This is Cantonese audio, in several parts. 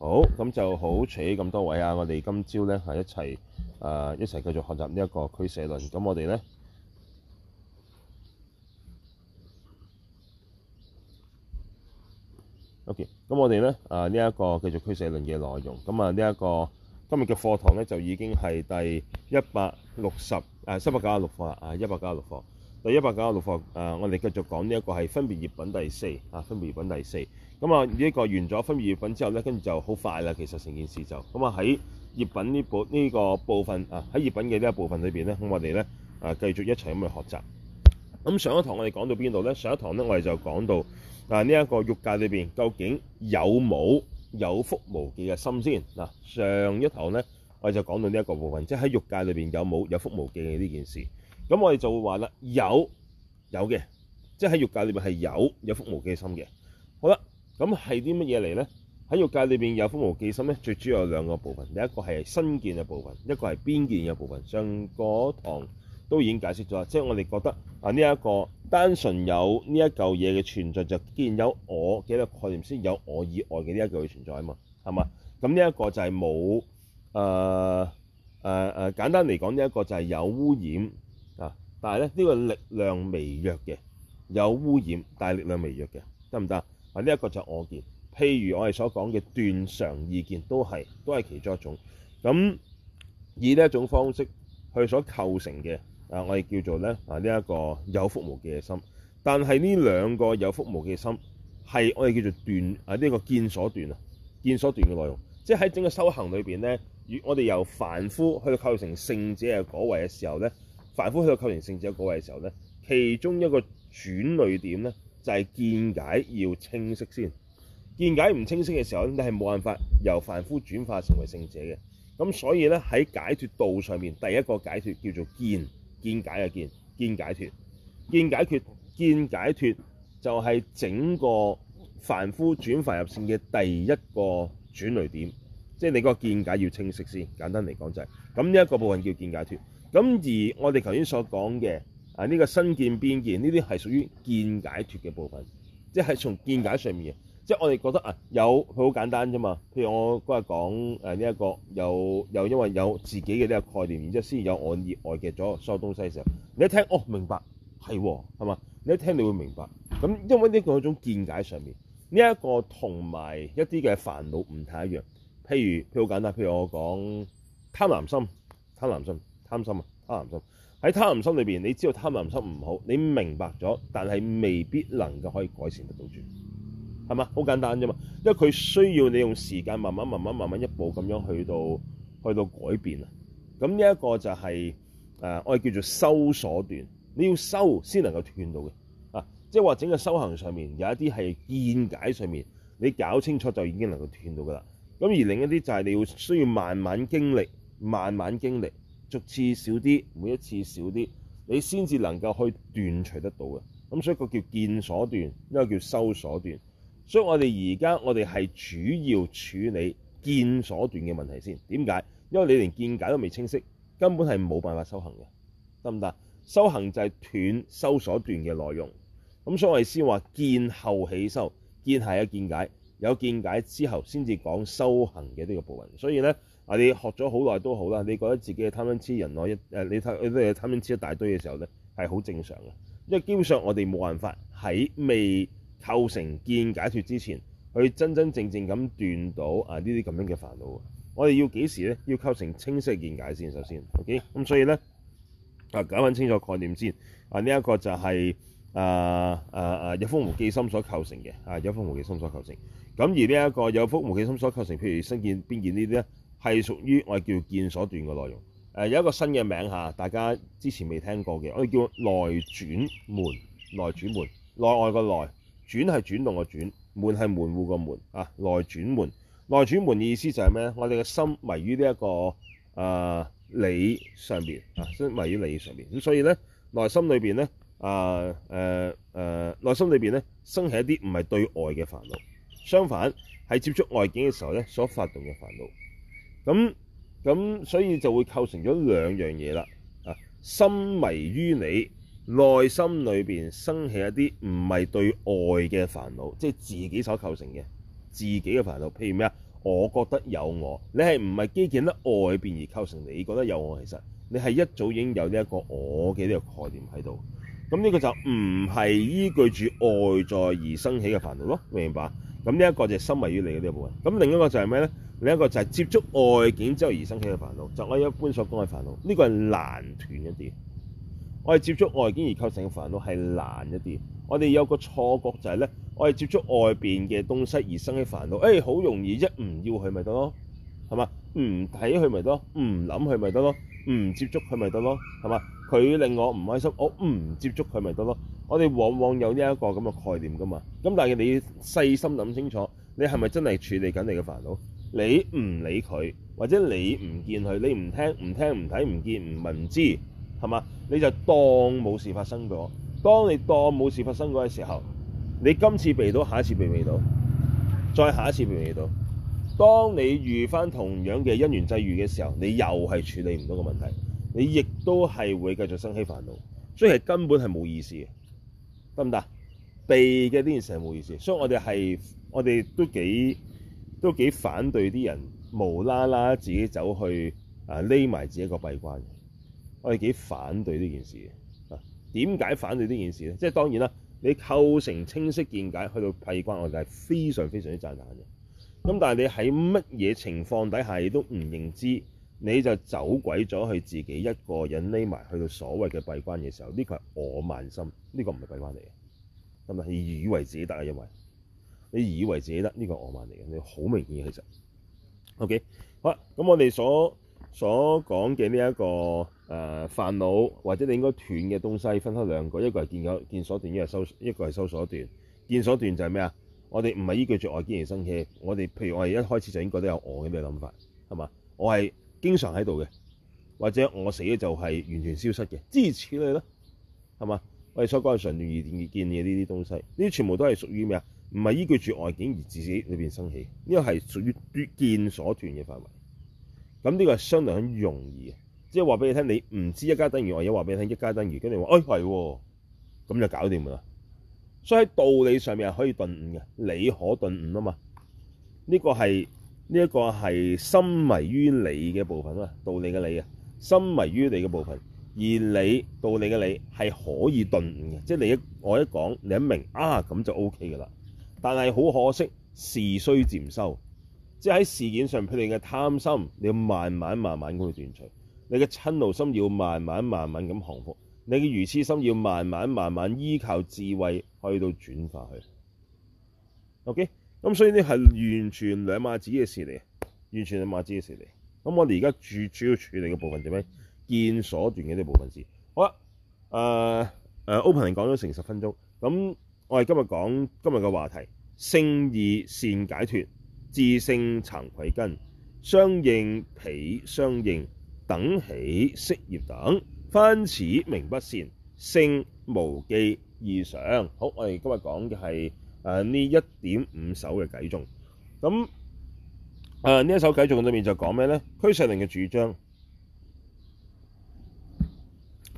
好，咁就好除咁多位啊，我哋今朝咧係一齊、呃 okay，啊，一齊繼續學習呢一個俱舍論。咁我哋咧，OK，咁我哋咧啊呢一個繼續俱舍論嘅內容。咁啊、這個、呢一個今日嘅課堂咧就已經係第一百六十誒三百九十六課啊，一百九十六課。第一百九十六課誒，我哋繼續講呢一個係分別業品第四啊，分別業品第四。啊分別業品第四咁啊呢一個完咗分別業品之後咧，跟住就好快啦。其實成件事就咁啊，喺業品呢部呢個部分啊，喺業品嘅呢一部分裏邊咧，咁我哋咧啊繼續一齊咁去學習。咁上一堂我哋講到邊度咧？上一堂咧我哋就講到啊呢一個欲界裏邊究竟有冇有覆無記嘅心先嗱。上一堂咧我哋就講到呢一個部分，即喺欲界裏邊有冇有覆無記嘅呢件事。咁我哋就會話啦，有，有嘅，即喺欲界裏面係有有覆無記嘅心嘅。好啦。咁係啲乜嘢嚟咧？喺欲界裏面有覆無記心咧，最主要有兩個部分。第一個係身見嘅部分，一個係邊見嘅部分。上個堂都已經解釋咗啦，即係我哋覺得啊，呢一個單純有呢一嚿嘢嘅存在，就既然有我幾多概念先有我以外嘅呢一嚿嘅存在啊嘛，係嘛？咁呢一個就係冇誒誒誒，簡單嚟講，呢一個就係有污染啊，但係咧呢個力量微弱嘅有污染，但係力量微弱嘅得唔得？行呢一個就係我見，譬如我哋所講嘅斷常意見都係，都係其中一種。咁以呢一種方式去所構成嘅、這個，啊，我哋叫做咧，啊，呢一個有覆無記嘅心。但係呢兩個有覆無記嘅心係我哋叫做斷，啊，呢一個見所斷啊，見所斷嘅內容。即係喺整個修行裏邊咧，與我哋由凡夫去到構成聖者嘅嗰位嘅時候咧，凡夫去到構成聖者嘅嗰位嘅時候咧，其中一個轉捩點咧。就係見解要清晰先，見解唔清晰嘅時候，你係冇辦法由凡夫轉化成為聖者嘅。咁所以咧喺解脫道上面，第一個解脫叫做見見解嘅見見解脫，見解脫見解脫就係整個凡夫轉化入聖嘅第一個轉捩點，即係你個見解要清晰先。簡單嚟講就係咁，呢一個部分叫見解脫。咁而我哋頭先所講嘅。啊！呢個身見邊見呢啲係屬於見解脱嘅部分，即係從見解上面嘅。即係我哋覺得啊，有佢好簡單啫嘛。譬如我嗰日講誒呢一個，有有因為有自己嘅呢個概念，然之後先有我熱愛嘅咗所有東西嘅時候，你一聽哦，明白係喎，係嘛？你一聽你會明白。咁因為呢個係一種見解上面，呢一個同埋一啲嘅煩惱唔太一樣。譬如譬如好簡單，譬如我講貪婪心，貪婪心，貪心啊，貪婪心。喺貪心裏面，你知道貪心唔好，你明白咗，但係未必能夠可以改善得到住，係嘛？好簡單啫嘛，因為佢需要你用時間慢慢、慢慢、慢慢一步咁樣去到去到改變啊。咁呢一個就係、是、誒、呃、我哋叫做修所斷，你要修先能夠斷到嘅啊。即係話整個修行上面有一啲係見解上面，你搞清楚就已經能夠斷到㗎喇。咁而另一啲就係你要需要慢慢經歷、慢慢經歷。逐次少啲，每一次少啲，你先至能夠去斷除得到嘅。咁所以個叫見所斷，一個叫修所斷。所以我哋而家我哋係主要處理見所斷嘅問題先。點解？因為你連見解都未清晰，根本係冇辦法修行嘅。得唔得？修行就係斷修所斷嘅內容。咁所以我先話見後起修，見下有見解，有見解之後先至講修行嘅呢個部分。所以呢。啊！你學咗好耐都好啦。你覺得自己嘅貪瞋痴，人一你睇，你都係貪瞋痴一大堆嘅時候咧，係好正常嘅。因為基本上我哋冇辦法喺未構成見解脫之前，去真真正正咁斷到啊，呢啲咁樣嘅煩惱。我哋要幾時咧？要構成清晰見解先，首先 OK 咁。所以咧啊，搞清楚概念先啊。呢、這、一個就係、是、啊啊啊有福無記有覆無記心所構成嘅啊，有覆無記心所構成咁、啊啊。而呢一個有覆無記心所構成，譬如身見邊見呢啲咧？係屬於我哋叫見所斷嘅內容。誒有一個新嘅名嚇，大家之前未聽過嘅，我哋叫內轉門、內轉門、內外個內轉係轉動個轉，門係門戶個門啊。內轉門、內轉門嘅意思就係咩？我哋嘅心迷於呢、這、一個啊、呃、理上面，啊，所以迷於理上面。咁，所以咧內心裏面咧啊誒誒，內心裏面咧、呃呃呃、生起一啲唔係對外嘅煩惱，相反係接觸外境嘅時候咧所發動嘅煩惱。咁咁，所以就會構成咗兩樣嘢啦。啊，心迷於你內心裏面生起一啲唔係對外嘅煩惱，即係自己所構成嘅自己嘅煩惱。譬如咩啊？我覺得有我，你係唔係基建得外邊而構成？你覺得有我，其實你係一早已經有呢一個我嘅呢個概念喺度。咁呢個就唔係依據住外在而生起嘅煩惱咯，明唔明白？咁呢一個就係深迷於你嘅呢、這個、部分，咁另一個就係咩咧？另一個就係接觸外境之後而生起嘅煩惱，就是、我一般所講嘅煩惱，呢、這個係難斷一啲。我係接觸外境而構成嘅煩惱係難一啲。我哋有個錯覺就係、是、咧，我係接觸外邊嘅東西而生起煩惱，誒、欸、好容易一唔要佢咪得咯，係嘛？唔睇佢咪得咯，唔諗佢咪得咯，唔接觸佢咪得咯，係嘛？佢令我唔開心，我唔接觸佢咪得咯。我哋往往有呢一個咁嘅概念㗎嘛。咁但係你細心諗清楚，你係咪真係處理緊你嘅煩惱？你唔理佢，或者你唔見佢，你唔聽、唔聽、唔睇、唔見、唔聞、唔知係嘛？你就當冇事發生咗。當你當冇事發生嘅時候，你今次避到，下一次避未到，再下一次避未到。當你遇翻同樣嘅因緣際遇嘅時候，你又係處理唔到個問題，你亦都係會繼續生起煩惱，所以係根本係冇意思嘅。得唔得？避嘅呢件事係冇意思，所以我哋係我哋都幾都幾反對啲人無啦啦自己走去啊，匿埋自己個閉關。我哋幾反對呢件事嘅，啊，點解反對呢件事咧？即係當然啦，你構成清晰見解去到閉關，我就係非常非常之讚歎嘅。咁但係你喺乜嘢情況底下，你都唔認知。你就走鬼咗去自己一個人匿埋去到所謂嘅閉關嘅時候，呢個係我慢心，呢、呢個唔係閉關嚟嘅，係咪？以為自己得呀？因為，你以為自己得，呢個我慢嚟嘅，你好明顯其實 O K。Okay? 好，咁我哋所所講嘅呢一個誒、呃、煩惱，或者你應該斷嘅東西，分開兩個，一個係見所見所斷，一個係收一個係收所斷。見所斷就係咩啊？我哋唔係依據住外見而生氣。我哋譬如我哋一開始就應該都有我嘅咩諗法，係嘛？我係。經常喺度嘅，或者我死咗就係完全消失嘅，諸如此類啦，係嘛？我哋所講嘅常斷二見嘅呢啲東西，呢啲全部都係屬於咩啊？唔係依據住外境而自，自己裏邊生起，呢個係屬於見所斷嘅範圍。咁呢個係相對很容易嘅，即係話俾你聽，你唔知一家等如外有，話俾你聽一家等如，跟你話，哎係喎，咁就搞掂㗎啦。所以喺道理上面係可以頓悟嘅，理可頓悟啊嘛。呢個係。呢一個係深迷於理嘅部分啊，道理嘅理啊，深迷於理嘅部分，而理道理嘅理係可以頓悟嘅，即係你一我一講，你一明啊，咁就 O K 嘅啦。但係好可惜，事須漸修，即係喺事件上佢哋嘅貪心，你要慢慢慢慢咁去斷除；你嘅嗔怒心要慢慢慢慢咁降伏；你嘅愚痴心要慢慢慢慢依靠智慧去到轉化去。O K。咁所以呢係完全兩碼子嘅事嚟，完全兩碼子嘅事嚟。咁我哋而家主主要處理嘅部分就咩？見所斷嘅呢部分事。好啦，誒誒，open 講咗成十分鐘。咁我哋今日講今日嘅話題：勝義善解脫，自性慚愧根，相應彼相應，等起色業等，翻此名不善，勝無記二常。好，我哋今日講嘅係。誒呢一點五首嘅偈頌，咁誒呢一首偈頌裏面就講咩咧？俱舍論嘅主張，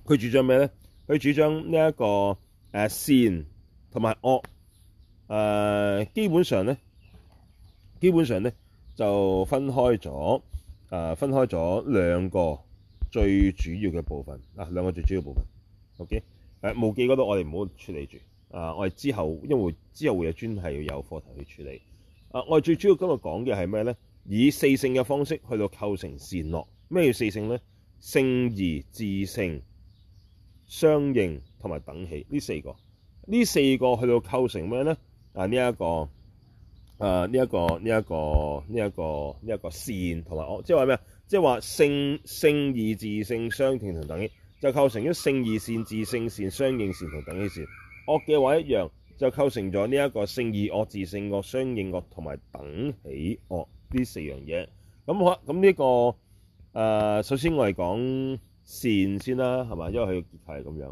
佢主張咩咧？佢主張呢一個誒善同埋惡誒基本上咧，基本上咧就分開咗誒、啊、分開咗兩個最主要嘅部分啊，兩個最主要部分。OK，誒、啊、無記嗰度我哋唔好處理住。啊！我哋之後，因為之後會有專係要有課題去處理。啊！我哋最主要今日講嘅係咩咧？以四性嘅方式去到構成善惡。咩叫四性咧？勝義、自性、相應同埋等起呢四個呢四個去到構成咩咧？啊！呢、這、一個啊呢一個呢一個呢一個呢一個善同埋哦即係話咩啊？這個這個這個這個、即係話勝、勝義自性相應同等起就構成咗勝義善、自性善、相應善同等起善。惡嘅話一樣就構成咗呢一個勝義惡、自性惡、相應惡同埋等起惡呢四樣嘢。咁好咁呢、呢個誒、呃，首先我哋講善先啦，係嘛？因為佢嘅結構係咁樣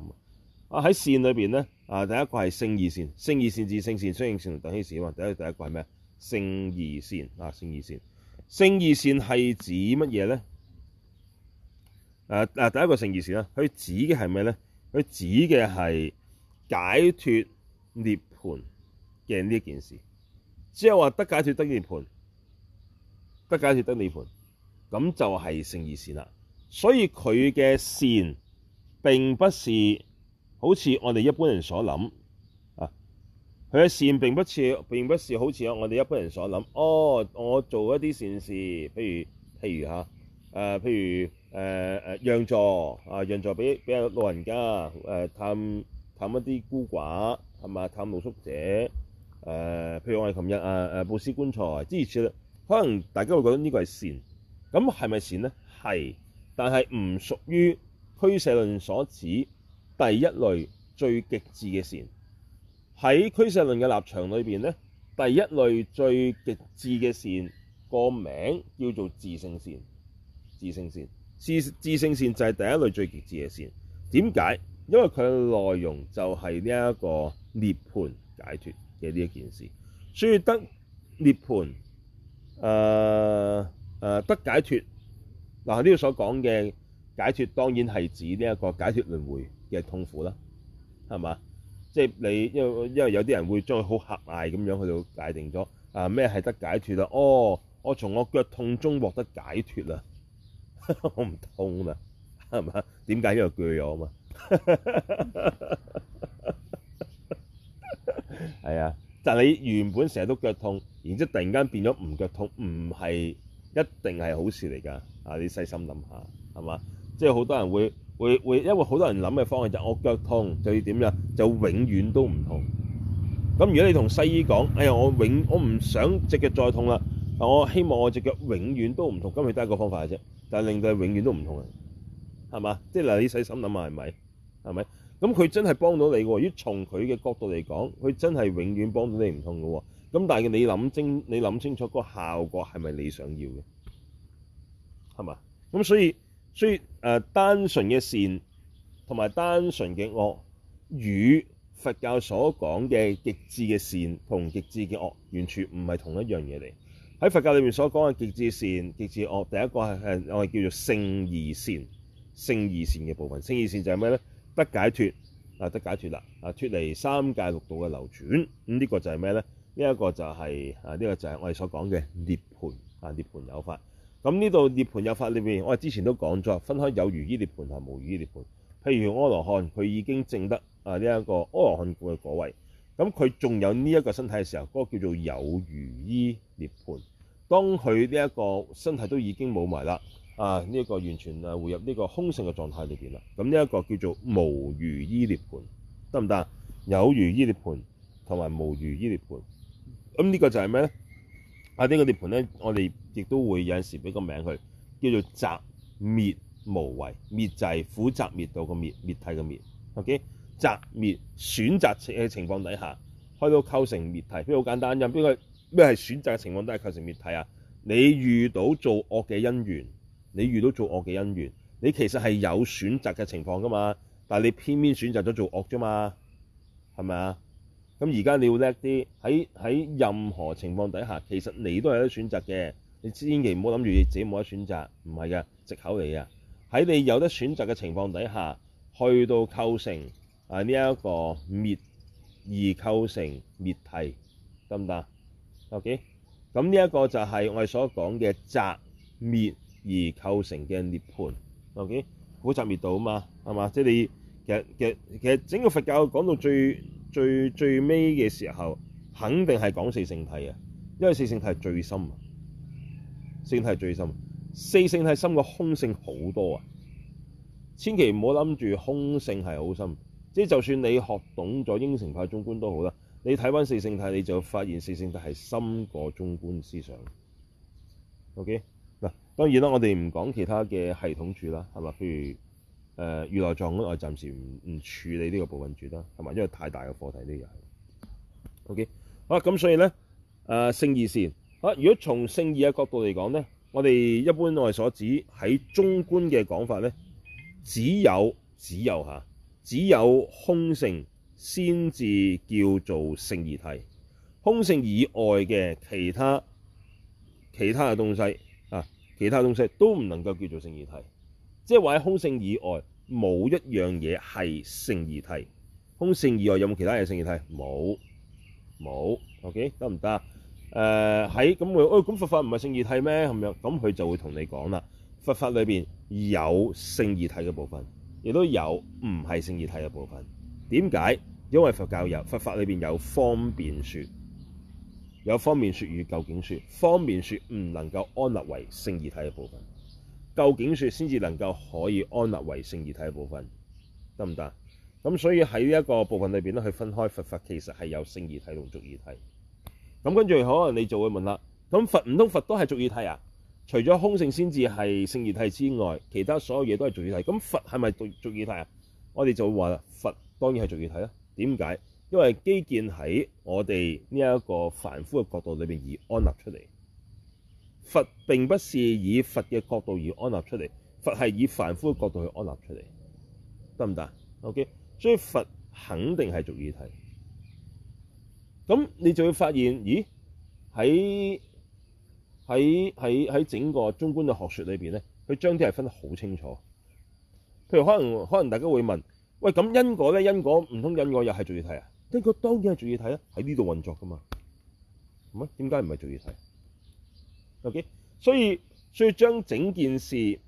啊。喺善裏邊咧啊，第一個係勝義善、勝義善自性善相應善同等起善,善,啊,善,善啊。第一第一個係咩啊？勝義善啊，勝義善係指乜嘢咧？誒誒，第一個勝義善咧，佢指嘅係咩咧？佢指嘅係。解脫涅槃嘅呢件事，即係話得解脫得涅槃，得解脫得涅槃，咁就係勝義善啦。所以佢嘅善並不是好似我哋一般人所諗啊，佢嘅善並不似並不是好似我哋一般人所諗哦。我做一啲善事，譬如譬如嚇誒，譬如誒誒讓座啊，讓座俾俾老人家誒、啊、探。探一啲孤寡係嘛，探露宿者，誒、呃，譬如我係琴日啊，誒、呃，布施棺材，之如此類，可能大家會覺得呢個係善，咁係咪善呢？係，但係唔屬於俱舍論所指第一類最極致嘅善。喺俱舍論嘅立場裏邊咧，第一類最極致嘅善個名叫做自性善，自性善，自自性善就係第一類最極致嘅善，點解？因為佢嘅內容就係呢一個涅槃解脫嘅呢一件事，所以得涅槃誒誒、呃呃、得解脫。嗱，呢度所講嘅解脫，當然係指呢一個解脫輪迴嘅痛苦啦，係嘛？即係你因為因為有啲人會將佢好狹隘咁樣去到界定咗，啊咩係得解脫啦哦，我從我腳痛中獲得解脫啦，我唔痛啦，係嘛？點解因為句我啊？係 啊，但係你原本成日都腳痛，然之後突然間變咗唔腳痛，唔係一定係好事嚟噶。啊，你細心諗下，係嘛？即係好多人會會會，因為好多人諗嘅方法就我腳痛就要點樣就永遠都唔痛。咁如果你同西醫講，哎呀，我永我唔想隻腳再痛啦，我希望我隻腳永遠都唔痛，咁佢都係一個方法嘅啫，但係令到永遠都唔痛啊，係嘛？即係嗱，你細心諗下係咪？係咪咁？佢真係幫到你嘅喎。於從佢嘅角度嚟講，佢真係永遠幫到你唔痛嘅喎。咁但係你諗清，你諗清楚個效果係咪你想要嘅？係嘛？咁所以所以誒、呃，單純嘅善同埋單純嘅惡，與佛教所講嘅極致嘅善同極致嘅惡，完全唔係同一樣嘢嚟。喺佛教裏面所講嘅極致善、極致惡，第一個係我哋叫做勝義善、勝義善嘅部分。勝義善就係咩咧？得解脫啊！得解脫啦！啊，脫離三界六道嘅流轉，咁、嗯、呢、這個就係咩咧？呢、這、一個就係、是、啊，呢、這個就係我哋所講嘅涅槃啊，涅槃有法。咁呢度涅槃有法裏面，我哋之前都講咗，分開有餘依涅槃同無餘涅槃。譬如阿羅漢，佢已經證得啊呢一個阿羅漢果嘅果位，咁佢仲有呢一個身體嘅時候，嗰、那個叫做有餘依涅槃。當佢呢一個身體都已經冇埋啦。啊！呢、這個個完全誒回入呢個空性嘅狀態裏面啦。咁呢一個叫做無餘依涅槃，得唔得？有餘依涅槃同埋無餘依涅槃。咁呢個就係咩咧？啊、這個，呢個涅槃咧，我哋亦都會有陣時俾個名佢，叫做擇滅無為。滅就係苦擇滅到個滅滅體嘅滅。O.K. 擇滅選擇嘅情況底下，開到構成滅體，呢好簡單。因邊個咩係選擇嘅情況都係構成滅體啊？你遇到做惡嘅因緣，你遇到做惡嘅因緣，你其實係有選擇嘅情況噶嘛？但係你偏偏選擇咗做惡啫嘛？係咪啊？咁而家你要叻啲，喺喺任何情況底下，其實你都係有得選擇嘅。你千祈唔好諗住自己冇得選擇，唔係噶藉口嚟噶。喺你有得選擇嘅情況底下，去到構成啊呢一個滅，而構成滅體，得唔得？OK？咁呢一個就係我哋所講嘅擇滅。滅而構成嘅涅槃，OK？苦集滅道啊嘛，係嘛？即係你其實其實其實整個佛教講到最最最最尾嘅時候，肯定係講四聖諦啊，因為四聖諦係最深啊，四聖諦係最深。四聖諦深過空性好多啊，千祈唔好諗住空性係好深，即係就算你學懂咗應成派中觀都好啦，你睇翻四聖諦你就發現四聖諦係深過中觀思想，OK？嗱，當然啦，我哋唔講其他嘅系統住啦，係嘛？譬如誒，如來藏嗰個暫時唔唔處理呢個部分住啦，係嘛？因為太大嘅課題呢樣。O.K. 好啦，咁所以咧，誒勝義善啊，如果從勝義嘅角度嚟講咧，我哋一般我哋所指喺中觀嘅講法咧，只有只有下，只有空性先至叫做勝義諦，空性以外嘅其他其他嘅東西。其他東西都唔能夠叫做勝義諦，即係話喺空性以外冇一樣嘢係勝義諦。空性以外有冇其他嘢勝義諦？冇，冇。OK，得唔得？誒喺咁會，哦咁、哎、佛法唔係勝義諦咩咁樣？咁佢就會同你講啦，佛法裏邊有勝義諦嘅部分，亦都有唔係勝義諦嘅部分。點解？因為佛教有佛法裏邊有方便說。有方便說與究竟說，方便說唔能夠安立為勝義諦嘅部分，究竟說先至能夠可以安立為勝義諦嘅部分，得唔得？咁所以喺一個部分裏面，咧，去分開佛法其實係有勝義諦同俗義諦。咁跟住可能你就會問啦，咁佛唔通佛都係俗義諦呀？除咗空性先至係勝義諦之外，其他所有嘢都係俗義諦。咁佛係咪俗俗義諦呀？我哋就會話啦，佛當然係俗義諦啦。點解？因為基建喺我哋呢一個凡夫嘅角度裏邊而安立出嚟，佛並不是以佛嘅角度而安立出嚟，佛係以凡夫嘅角度去安立出嚟，得唔得？OK，所以佛肯定係世俗諦。咁你就要發現，咦？喺喺喺喺整個中觀嘅學説裏邊咧，佢將啲係分得好清楚。譬如可能可能大家會問，喂，咁因果咧？因果唔通因果又係世俗諦啊？呢個當然係俗義諦啊，喺呢度運作噶嘛，係咪？點解唔係俗義諦？OK，所以所以將整件事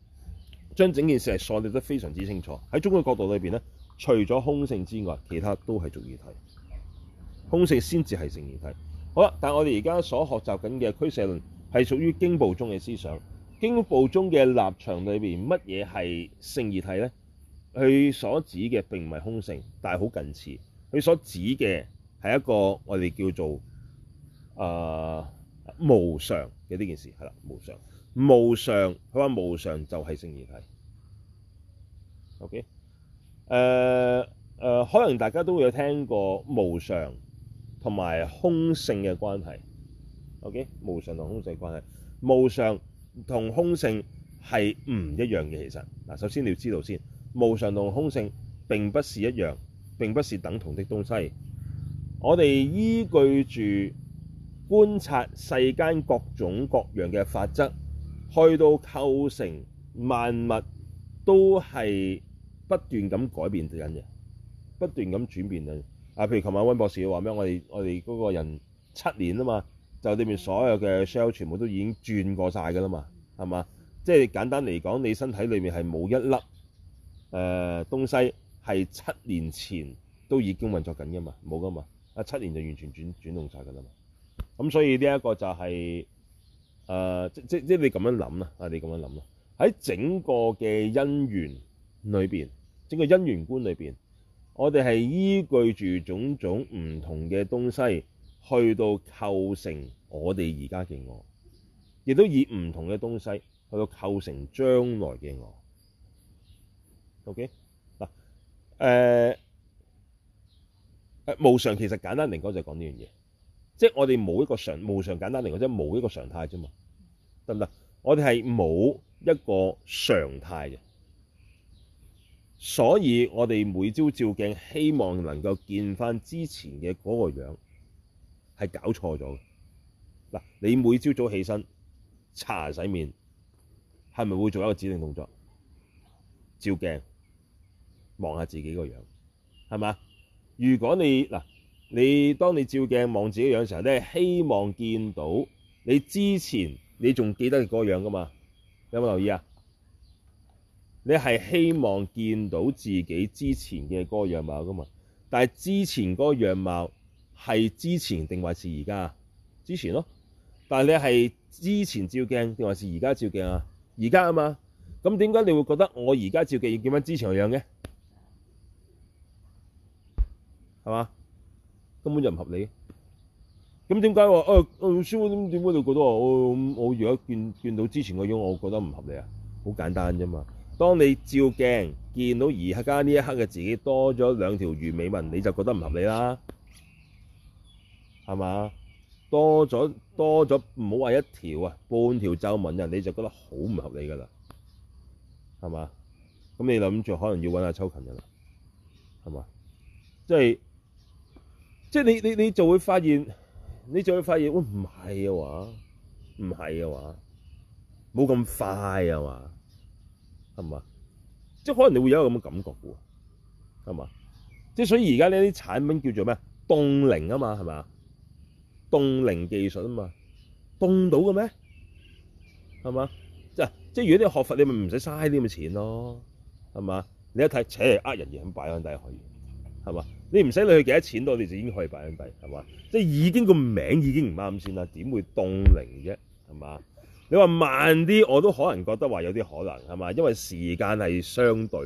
將整件事係梳理得非常之清楚，喺中觀角度裏邊咧，除咗空性之外，其他都係俗義諦，空性先至係勝義諦。好啦，但係我哋而家所學習緊嘅《俱舍論》係屬於經部宗嘅思想，經部宗嘅立場裏邊乜嘢係勝義諦咧？佢所指嘅並唔係空性，但係好近似。佢所指嘅係一個我哋叫做誒、呃、無常嘅呢件事，係啦，無常，無常。佢話無常就係勝義諦。O.K. 誒、呃、誒、呃，可能大家都有聽過無常同埋空性嘅關係。O.K. 無常同空性嘅關係，無常同空性係唔一樣嘅。其實嗱，首先你要知道先，無常同空性並不是一樣。並不是等同的東西。我哋依據住觀察世間各種各樣嘅法則，去到構成萬物都係不斷咁改變緊嘅，不斷咁轉變緊。啊，譬如琴晚溫博士話咩？我哋我哋嗰個人七年啊嘛，就裏面所有嘅 cell 全部都已經轉過晒噶啦嘛，係嘛？即係簡單嚟講，你身體裏面係冇一粒誒東西。係七年前都已經運作緊噶嘛，冇噶嘛啊！七年就完全轉轉動晒噶啦嘛。咁所以呢一個就係、是、誒，即即即你咁樣諗啦，啊你咁樣諗啦。喺整個嘅因緣裏邊，整個因緣觀裏邊，我哋係依據住種種唔同嘅東西去到構成我哋而家嘅我，亦都以唔同嘅東西去到構成將來嘅我。OK。誒誒、呃，無常其實簡單嚟講就係講呢樣嘢，即係我哋冇一個常無常，簡單嚟講即係冇一個常態啫嘛，得唔得？我哋係冇一個常態嘅，所以我哋每朝照鏡，希望能夠見翻之前嘅嗰個樣，係搞錯咗嘅。嗱，你每朝早起身，擦洗面，係咪會做一個指定動作？照鏡。望下自己個樣係嘛？如果你嗱，你當你照鏡望自己樣嘅時候咧，你係希望見到你之前你仲記得個樣噶嘛？有冇留意啊？你係希望見到自己之前嘅嗰個樣貌噶嘛？但係之前嗰個樣貌係之前定還是而家啊？之前咯，但係你係之前照鏡定還是而家照鏡啊？而家啊嘛，咁點解你會覺得我而家照鏡要見返之前嘅樣嘅？係嘛？根本就唔合理。咁點解話？誒、哎、誒，師傅點點解你覺得我我如果見,見到之前個樣，我覺得唔合理啊？好簡單啫嘛。當你照鏡見到而家呢一刻嘅自己多咗兩條魚尾紋，你就覺得唔合理啦。係嘛？多咗多咗，唔好話一條啊，半條皺紋人你就覺得好唔合理噶啦。係嘛？咁你諗住可能要搵下抽筋㗎啦。係嘛？即係。即係你你你就會發現，你就會發現，哇，唔係嘅話、唔係嘅話，冇咁快啊嘛，係嘛？即係可能你會有一個咁嘅感覺嘅喎，係嘛？即係所以而家呢啲產品叫做咩？凍齡啊嘛，係嘛？凍齡技術啊嘛，凍到嘅咩？係嘛？即係即係如果你學佛，你咪唔使嘥啲咁嘅錢咯，係嘛？你一睇，切嚟呃人嘢咁擺喺度可以。係嘛？你唔使你佢幾多錢，多你就已經可以擺緊幣，係嘛？即係已經個名已經唔啱先啦，點會凍齡啫？係嘛？你話慢啲，我都可能覺得話有啲可能，係嘛？因為時間係相對，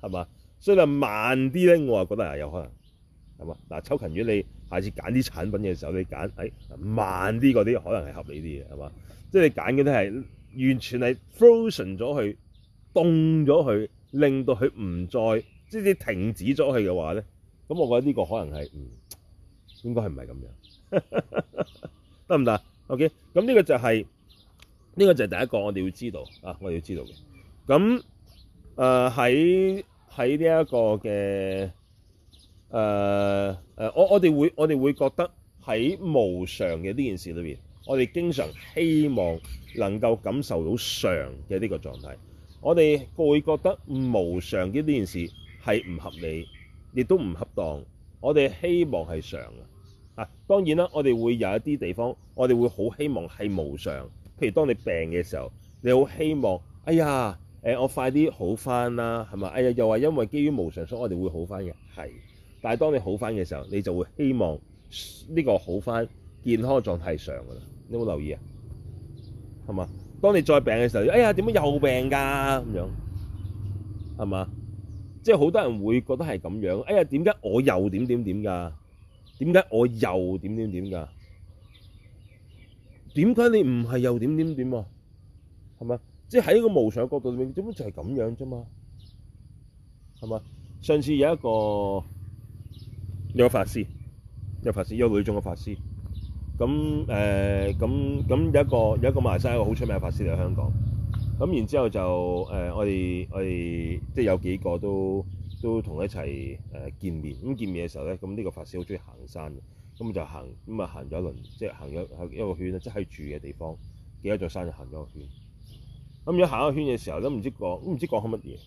係嘛？所以你話慢啲咧，我啊覺得係有可能，係嘛？嗱，秋勤遠，你下次揀啲產品嘅時候，你揀誒、哎、慢啲嗰啲，可能係合理啲嘅，係嘛？即係你揀嘅都係完全係 frozen 咗佢凍咗佢，令到佢唔再。即係停止咗佢嘅話咧，咁我覺得呢個可能係，唔、嗯、應該係唔係咁樣得唔得？OK，咁呢個就係呢個就係第一個我哋要知道啊，我哋要知道嘅。咁誒喺喺呢一個嘅誒誒，我我哋會我哋會覺得喺無常嘅呢件事裏邊，我哋經常希望能夠感受到常嘅呢個狀態。我哋會覺得無常嘅呢件事。係唔合理，亦都唔恰當。我哋希望係常啊，當然啦，我哋會有一啲地方，我哋會好希望係無常。譬如當你病嘅時候，你好希望，哎呀，誒、欸，我快啲好翻啦，係咪？哎呀，又話因為基於無常，所以我哋會好翻嘅。係，但係當你好翻嘅時候，你就會希望呢個好翻健康狀態常噶啦。你沒有冇留意啊？係嘛？當你再病嘅時候，哎呀，點解又病噶咁樣？係嘛？即係好多人會覺得係咁樣，哎呀，點解我又點點點㗎？點解我又點點點㗎？點解你唔係又點點點啊？係嘛？即係喺一個無常角度裡面，點解就係咁樣啫嘛？係嘛？上次有一個有個法師，有法師，一個女眾嘅法師，咁誒，咁咁有一個有一個馬來西亞，一個好出名嘅法師嚟香港。咁然之後就誒、呃，我哋我哋即係有幾個都都同一齊誒、呃、見面。咁見面嘅時候咧，咁呢個法師好中意行山嘅，咁就行咁啊行咗一輪，即係行咗一個圈即係喺住嘅地方幾多座山就行咗個圈。咁樣行咗圈嘅時候都唔知講唔知講開乜嘢，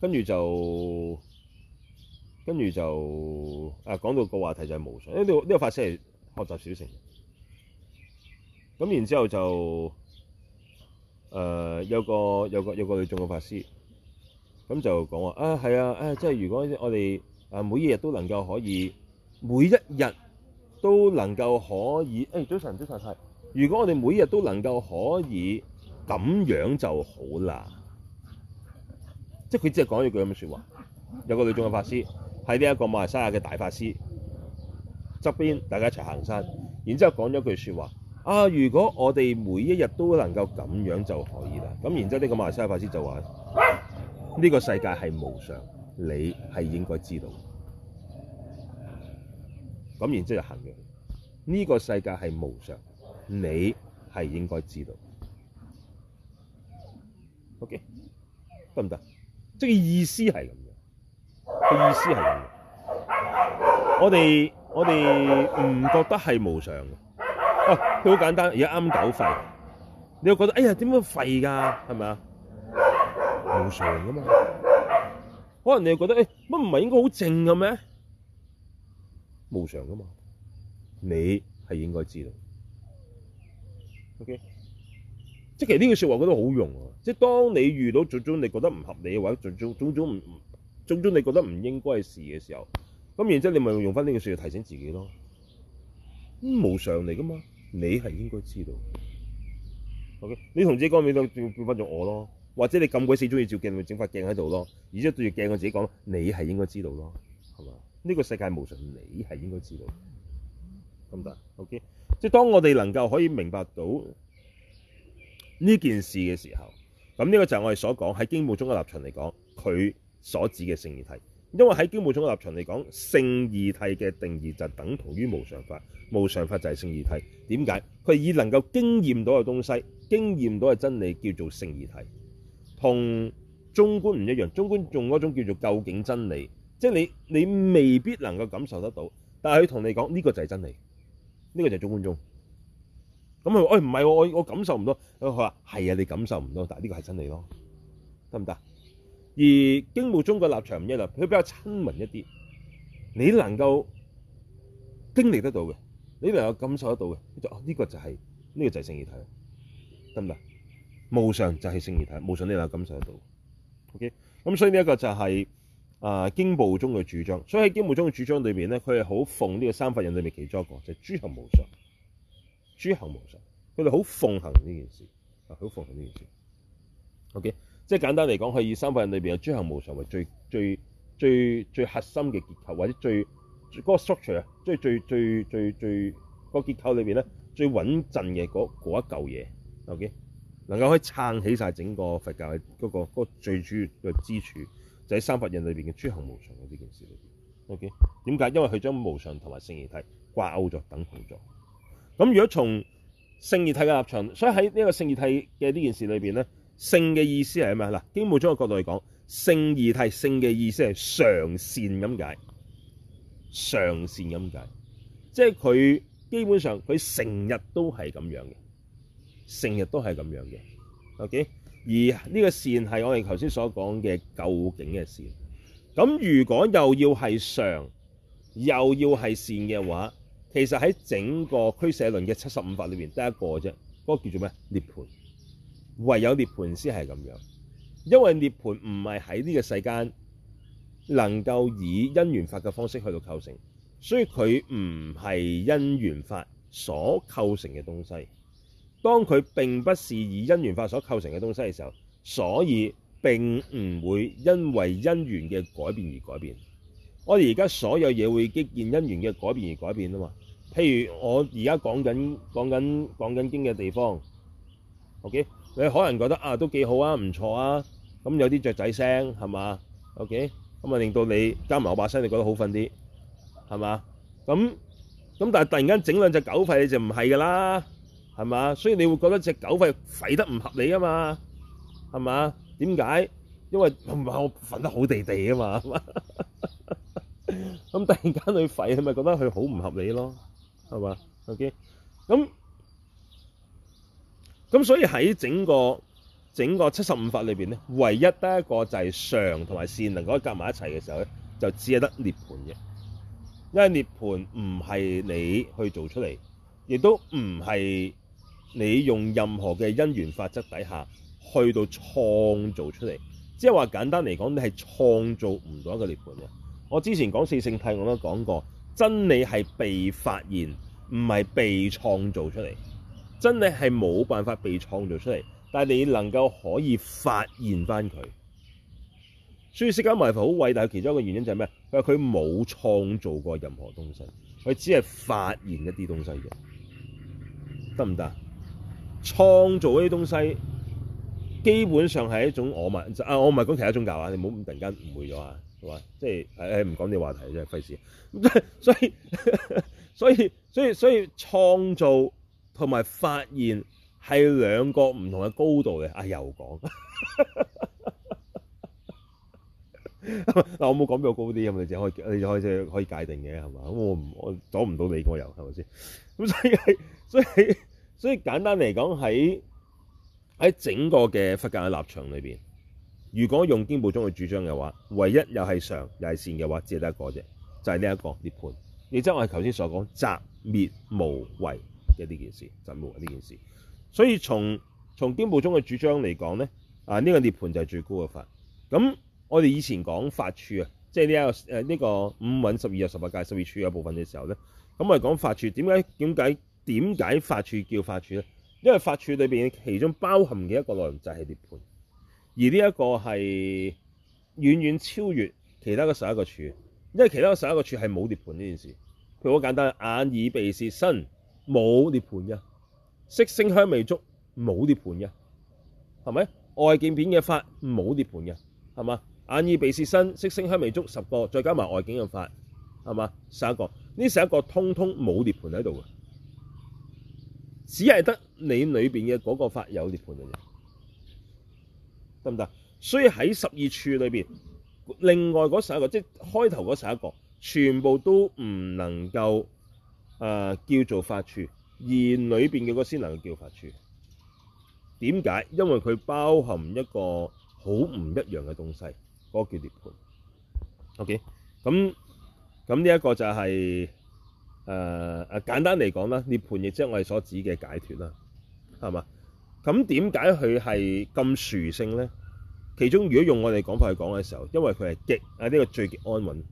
跟住就跟住就誒講、啊、到個話題就係無常。呢、這個呢、這個法師係學習小乘。咁然之後就。誒、呃、有個有個有個女眾嘅法師，咁就講話啊係啊，誒、啊啊、即係如果我哋啊每一日都能夠可以每一日都能夠可以誒、欸、早晨早晨，如果我哋每一日都能夠可以咁樣就好啦，即係佢只係講一句咁嘅説話。有個女眾嘅法師喺呢一個馬來西亞嘅大法師側邊，大家一齊行山，然之後講咗句説話。啊！如果我哋每一日都能夠咁樣就可以啦。咁然之後，呢個馬來西亞法師就話：呢個世界係無常，你係應該知道。咁然之後就行咗。呢個世界係無常，你係應該知道。OK，得唔得？即係意思係咁樣。意思係咁樣。我哋我哋唔覺得係無常。佢好、啊、簡單，而家啱狗吠，你又覺得哎呀，點樣吠噶？係咪啊？無常噶嘛，可能你又覺得誒乜唔係應該好靜嘅咩？無常噶嘛，你係應該知道。OK，即係其實呢句説話覺得好用啊！即係當你遇到最終你覺得唔合理或者種種種唔你覺得唔應該事嘅時候，咁然之後你咪用翻呢句說話提醒自己咯。嗯、無常嚟噶嘛～你係應該知道，OK？你同自己講，你仲變翻咗我咯，或者你咁鬼死中意照鏡，你整塊鏡喺度咯，而且對住鏡嘅自己講，你係應該知道咯，係嘛？呢個世界無常，你係應該知道，得唔得？OK？即係當我哋能夠可以明白到呢件事嘅時候，咁呢個就係我哋所講喺經部宗嘅立場嚟講，佢所指嘅勝義諦。因為喺經部宗嘅立場嚟講，勝義諦嘅定義就等同於無常法，無常法就係勝義諦。點解？佢以能夠經驗到嘅東西、經驗到嘅真理叫做勝義諦，同中觀唔一樣。中觀仲嗰種叫做究竟真理，即係你你未必能夠感受得到，但係佢同你講呢、這個就係真理，呢、這個就係中觀宗。咁佢，哎，唔係、啊、我我感受唔到。佢話，係啊，你感受唔到，但係呢個係真理咯，得唔得？而經部宗嘅立場唔一樣，佢比較親民一啲。你能夠經歷得到嘅，你能夠感受得到嘅，呢、啊呢個就係、是、呢、呢個就係勝義諦，得唔得？無常就係勝義諦，無常你能夠感受得到。OK，咁所以呢一個就係、是、啊、呃、經部宗嘅主張。所以喺經部宗嘅主張裏邊咧，佢係好奉呢個三法印裏面其中一個，就是、諸行無常，諸行無常，佢哋好奉行呢件事，啊好奉行呢件事。OK。即係簡單嚟講，佢以三法印裏面嘅諸行無常為最最最最核心嘅結構，或者最嗰個 structure 最最最最最個結構裏面咧最穩陣嘅嗰嗰一嚿嘢。O.K. 能夠可以撐起晒整個佛教嘅嗰個嗰個最主要嘅支柱，就喺三法印裏面嘅諸行無常呢件事裏面。O.K. 點解？因為佢將無常同埋勝義諦掛鈎咗、等同咗。咁如果從勝義諦嘅立場，所以喺呢個勝義諦嘅呢件事裏面咧。勝嘅意思係咩啊？嗱，經部宗嘅角度嚟講，勝義係勝嘅意思係常善咁解，常善咁解，即係佢基本上佢成日都係咁樣嘅，成日都係咁樣嘅。OK，而呢個善係我哋頭先所講嘅究竟嘅善。咁如果又要係常，又要係善嘅話，其實喺整個俱舍論嘅七十五法裏面得一個啫，嗰、嗰個叫做咩？涅槃。唯有涅槃先係咁樣，因為涅槃唔係喺呢個世間能夠以因緣法嘅方式去到構成，所以佢唔係因緣法所構成嘅東西。當佢並不是以因緣法所構成嘅東西嘅時候，所以並唔會因為因緣嘅改變而改變。我哋而家所有嘢會激現因緣嘅改變而改變啊嘛。譬如我而家講緊講緊講緊經嘅地方，OK。你可能覺得啊都幾好啊，唔錯啊，咁有啲雀仔聲係嘛？OK，咁啊令到你加埋我把聲，你覺得好瞓啲係嘛？咁咁但係突然間整兩隻狗吠，你就唔係噶啦，係嘛？所以你會覺得隻狗吠吠得唔合理啊嘛？係嘛？點解？因為唔係 我瞓得好地地啊嘛？咁 突然間佢吠，你咪覺得佢好唔合理咯？係嘛？OK，咁。咁所以喺整個整個七十五法裏邊，咧，唯一得一個就係常同埋善能夠夾埋一齊嘅時候咧，就只係得涅槃嘅。因為涅槃唔係你去做出嚟，亦都唔係你用任何嘅因緣法則底下去到創造出嚟。即係話簡單嚟講，你係創造唔到一個涅槃嘅。我之前講四聖諦我都講過，真理係被發現，唔係被創造出嚟。真係係冇辦法被創造出嚟，但係你能夠可以發現翻佢。所以釋迦牟尼佛好偉大，其中一個原因就係咩？佢話佢冇創造過任何東西，佢只係發現一啲東西嘅，得唔得？創造一啲東西，基本上係一種我慢啊！我唔係講其他宗教啊，你唔好咁突然間誤會咗啊，係嘛？即係誒誒，唔講呢個話題即係費事。所以所以所以所以創造。同埋發現係兩個唔同嘅高度嘅啊！又講嗱，我冇講比較高啲，咁你就可以你可以界定嘅嘛？我我阻唔到你個遊係咪先咁？所以係所以所以，所以簡單嚟講，喺喺整個嘅佛教嘅立場裏面，如果用經部宗去主張嘅話，唯一又係常又係善嘅話，只係得一個啫，就係呢一個涅槃。你即係我哋頭先所講，擇滅無為。一呢件事就冇呢件事，所以從從經部中宗嘅主張嚟講咧，啊呢、這個涅槃就係最高嘅法。咁我哋以前講法處啊，即係呢、這個啊這個、一個誒呢個五蘊十二又十八界十二處嘅部分嘅時候咧，咁我哋講法處點解點解點解法處叫法處咧？因為法處裏邊其中包含嘅一個內容就係涅槃，而呢一個係遠遠超越其他嘅十一個處，因為其他嘅十一個處係冇涅槃呢件事。譬如好簡單，眼耳鼻舌身。冇涅槃嘅，色聲香味觸，冇涅槃嘅，係咪？外景片嘅法冇涅槃嘅，係嘛？眼耳鼻舌身色聲香味觸十個，再加埋外景嘅法，係嘛？十一個，呢十一個通通冇涅槃喺度嘅，只係得你裏邊嘅嗰個法有涅槃嘅，啫，得唔得？所以喺十二處裏邊，另外嗰十一個，即係開頭嗰十一個，全部都唔能夠。誒、呃、叫做法處，而裏邊嘅嗰個先能叫法處。點解？因為佢包含一個好唔一樣嘅東西，嗰、嗰個叫涅槃。OK，咁咁呢一個就係誒誒簡單嚟講啦，涅槃亦即係我哋所指嘅解脫啦，係嘛？咁點解佢係咁殊勝咧？其中如果用我哋講法去講嘅時候，因為佢係極啊呢、呢個最極安穩，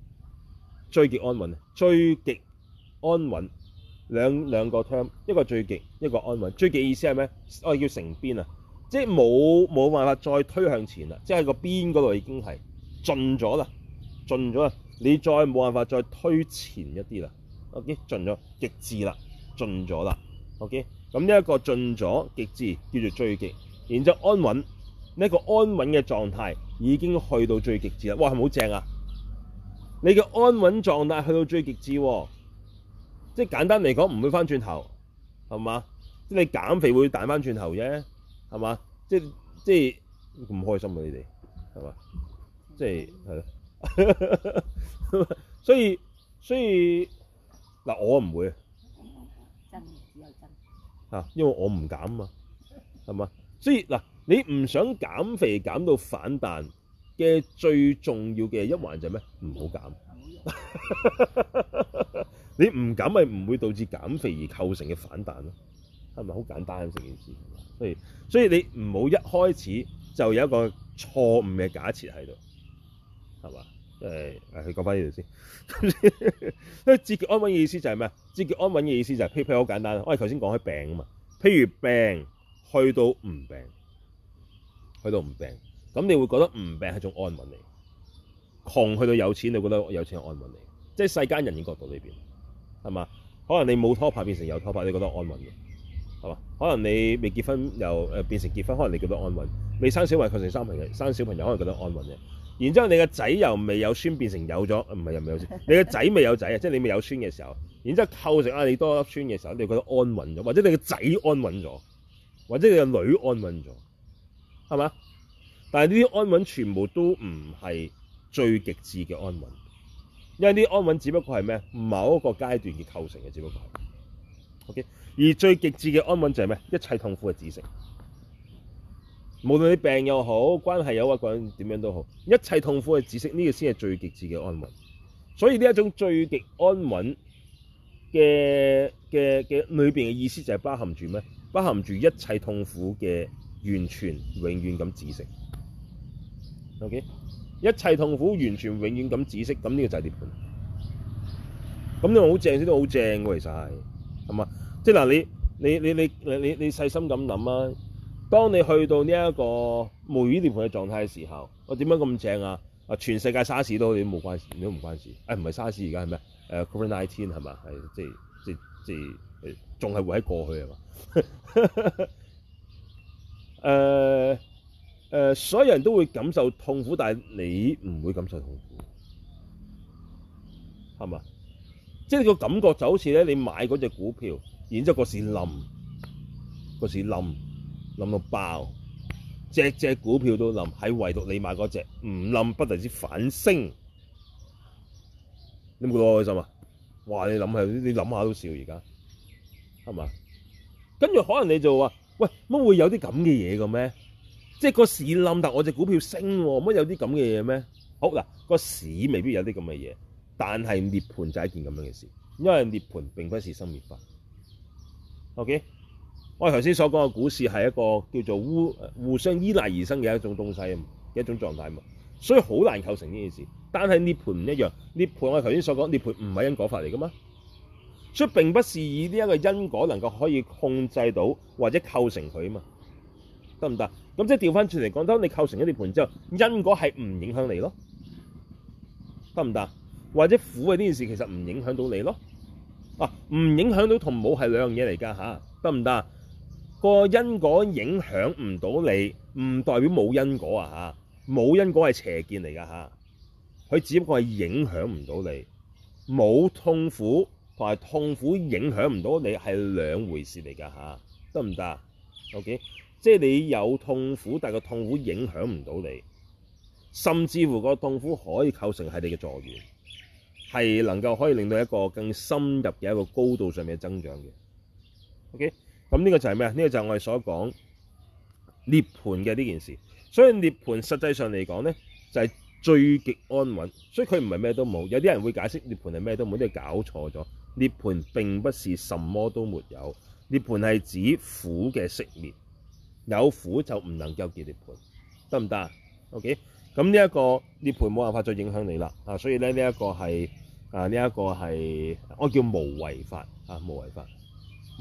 最極安穩，最極安穩。兩兩個 term，一個最極，一個安穩。最極意思係咩？我哋叫成邊啊，即係冇冇辦法再推向前啦，即係個邊嗰度已經係盡咗啦，盡咗啦，你再冇辦法再推前一啲啦。OK，盡咗極致啦，盡咗啦。OK，咁呢一個盡咗極致叫做最極，然之後安穩呢一個安穩嘅狀態已經去到最極致啦。哇，係咪好正啊？你嘅安穩狀態去到最極致喎、哦。即係簡單嚟講，唔會翻轉頭，係嘛？即係你減肥會彈翻轉頭啫，係嘛？即係即係咁開心啊！你哋係嘛？即係係咯，所以所以嗱，我唔會啊，真有真嚇，因為我唔減啊嘛，係嘛？所以嗱，你唔想減肥減到反彈嘅最重要嘅一環就係咩？唔好減。 你唔減咪唔會導致減肥而構成嘅反彈咯，係咪好簡單成件事？是是所以所以你唔好一開始就有一個錯誤嘅假設喺度，係嘛？誒誒，去講翻呢度先。因 為節節安穩嘅意思就係咩？節節安穩嘅意思就係譬如譬如好簡單我哋頭先講開病啊嘛。譬如病去到唔病，去到唔病，咁你會覺得唔病係種安穩嚟。窮去到有錢，你會覺得有錢係安穩嚟，即係世間人嘅角度裏邊。係嘛？可能你冇拖拍變成有拖拍，你覺得安穩嘅，係嘛？可能你未結婚又誒變成結婚，可能你覺得安穩；未生小朋友構成生小朋友，生小朋友可能覺得安穩嘅。然之後你個仔又未有孫變成有咗，唔係又未有孫，你個仔未有仔啊，即係 你未有孫嘅時候。然之後構成啊，你多粒孫嘅時候，你覺得安穩咗，或者你個仔安穩咗，或者你個女安穩咗，係嘛？但係呢啲安穩全部都唔係最極致嘅安穩。因為呢啲安穩只不過係咩？某一個階段嘅構成嘅，只不過係，OK。而最極致嘅安穩就係咩？一切痛苦嘅止息。無論你病又好，關係有或個人點樣都好，一切痛苦嘅止息，呢個先係最極致嘅安穩。所以呢一種最極安穩嘅嘅嘅裏邊嘅意思就係包含住咩？包含住一切痛苦嘅完全永遠咁止息。OK。一切痛苦完全永遠咁止息，咁呢個就係涅槃。咁呢個好正先，都好正喎。其實係，係嘛？即係嗱，你你你你你你細心咁諗啊。當你去到呢一個無餘涅槃嘅狀態嘅時候，我點解咁正啊？啊，全世界沙士都你都冇關事，都唔關事。誒，唔係沙士，而家係咩？誒，COVID-19 係嘛？係，係哎 COVID-19，即係即係誒，仲係活喺過去係嘛？誒。 呃誒、呃，所有人都會感受痛苦，但係你唔會感受痛苦，係咪？即係個感覺就好似咧，你買嗰隻股票，然之後個市冧，個市冧，冧到爆，隻隻股票都冧，係唯獨你買嗰隻唔冧，不但止反升，你唔覺得開心啊？哇！你諗你諗下都笑而家，係咪？跟住可能你就話，喂，乜會有啲咁嘅嘢嘅咩？即係個市冧，得我隻股票升，乜有啲咁嘅嘢咩？好嗱，那個市未必有啲咁嘅嘢，但係涅槃就係一件咁樣嘅事，因為涅槃並不是生滅法。OK，我哋頭先所講嘅股市係一個叫做互互相依賴而生嘅一種東西，一種狀態嘛，所以好難構成呢件事。但係涅槃唔一樣，涅槃我哋頭先所講，涅槃唔係因果法嚟噶嘛，所以並不是以呢一個因果能夠可以控制到或者構成佢啊嘛。得唔得？咁即係調翻轉嚟講，當你構成一啲盤之後，因果係唔影響你咯，得唔得？或者苦嘅呢件事其實唔影響到你咯，啊，唔影響到同冇係兩樣嘢嚟噶吓，得唔得？個因果影響唔到你，唔代表冇因果啊吓，冇因果係邪見嚟噶吓，佢只不過係影響唔到你，冇痛苦同埋痛苦影響唔到你係兩回事嚟噶吓，得唔得？OK。即係你有痛苦，但係個痛苦影響唔到你，甚至乎個痛苦可以構成係你嘅助緣，係能夠可以令到一個更深入嘅一個高度上面嘅增長嘅。OK，咁呢個就係咩啊？呢個就係我哋所講涅槃嘅呢件事。所以涅槃實際上嚟講咧，就係最極安穩。所以佢唔係咩都冇。有啲人會解釋涅槃係咩都冇，呢個搞錯咗。涅槃並不是什麼都沒有，涅槃係指苦嘅熄滅。有苦就唔能夠叫涅槃，得唔得？OK，咁呢一個涅槃冇辦法再影響你啦。啊，所以咧呢一個係啊呢一個係我叫無為法啊無為法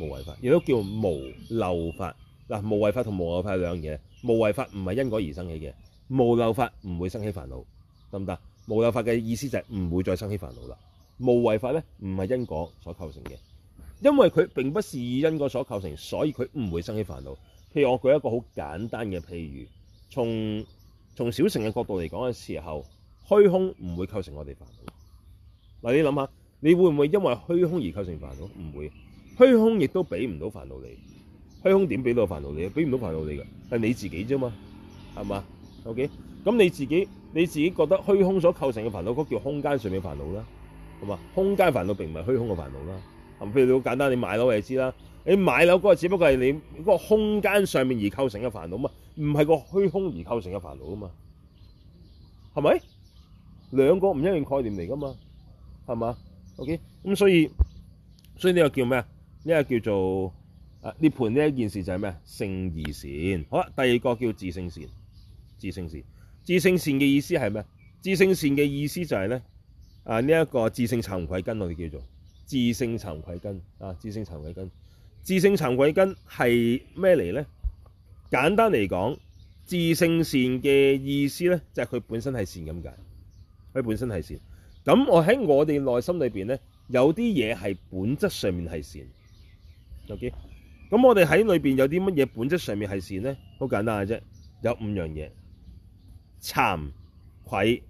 無為法亦都叫無漏法嗱無為法同無漏法係兩樣嘢，無為法唔係因果而生起嘅，無漏法唔會生起煩惱，得唔得？無漏法嘅意思就係唔會再生起煩惱啦。無為法咧唔係因果所構成嘅，因為佢並不是以因果所構成，所以佢唔會生起煩惱。譬如我舉一個好簡單嘅譬如，從從小乘嘅角度嚟講嘅時候，虛空唔會構成我哋煩惱。嗱，你諗下，你會唔會因為虛空而構成煩惱？唔會。虛空亦都俾唔到煩惱你。虛空點俾到煩惱你啊？俾唔到煩惱你嘅，係你自己啫嘛，係嘛？OK，咁你自己你自己覺得虛空所構成嘅煩惱，嗰叫空間上面嘅煩惱啦，係嘛？空間煩惱並唔係虛空嘅煩惱啦。譬如你好簡單，你買樓你知啦。你買樓嗰個，只不過係你嗰個空間上面而構成嘅煩惱嘛，唔係個虛空而構成嘅煩惱啊嘛，係咪兩個唔一樣嘅概念嚟噶嘛？係嘛？OK 咁，所以所以呢個叫咩啊？呢個叫做啊涅槃呢一件事就係咩啊？勝義善。好啦，第二個叫自性善，自性善，自性善嘅意思係咩？自性善嘅意，意思就係咧啊呢一個自性慚愧根，我哋叫做自性慚愧根啊，自性慚愧根。自性慚愧根係咩嚟咧？簡單嚟講，自性善嘅意思咧，就係佢本身係善咁解。佢本身係善。咁我喺我哋內心裏邊咧，有啲嘢係本質上面係善。OK，咁我哋喺裏邊有啲乜嘢本質上面係善咧？好簡單嘅啫，有五樣嘢：慚愧、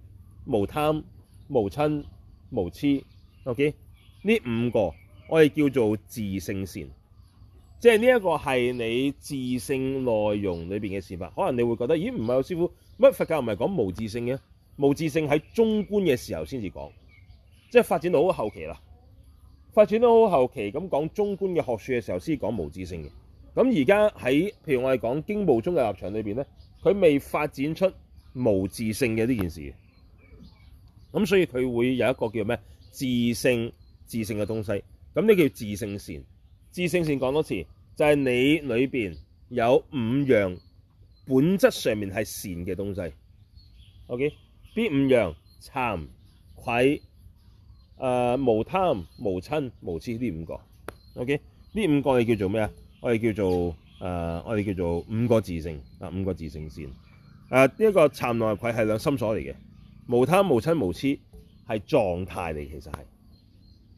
無貪、無嗔、無痴。OK，呢五個我哋叫做自性善。即係呢一個係你自性內容裏面嘅事法。可能你會覺得，咦？唔係師傅乜佛教唔係講無自性嘅？無自性喺中觀嘅時候先至講，即係發展到好後期啦，發展到好後期咁講中觀嘅學説嘅時候先講無自性嘅。咁而家喺譬如我哋講經部宗嘅立場裏面咧，佢未發展出無自性嘅呢件事。咁所以佢會有一個叫咩自性自性嘅東西，咁呢叫自性善。自性善講多次，就係、是、你裏邊有五樣本質上面係善嘅東西。OK，呢五樣慚愧，誒、呃、無貪無瞋無痴呢五個。OK，呢五個我哋叫做咩啊？我哋叫做誒、呃，我哋叫做五個自性啊，五個自性善。誒，呢一個慚內愧係兩心所嚟嘅，無貪無瞋無痴係狀態嚟，其實係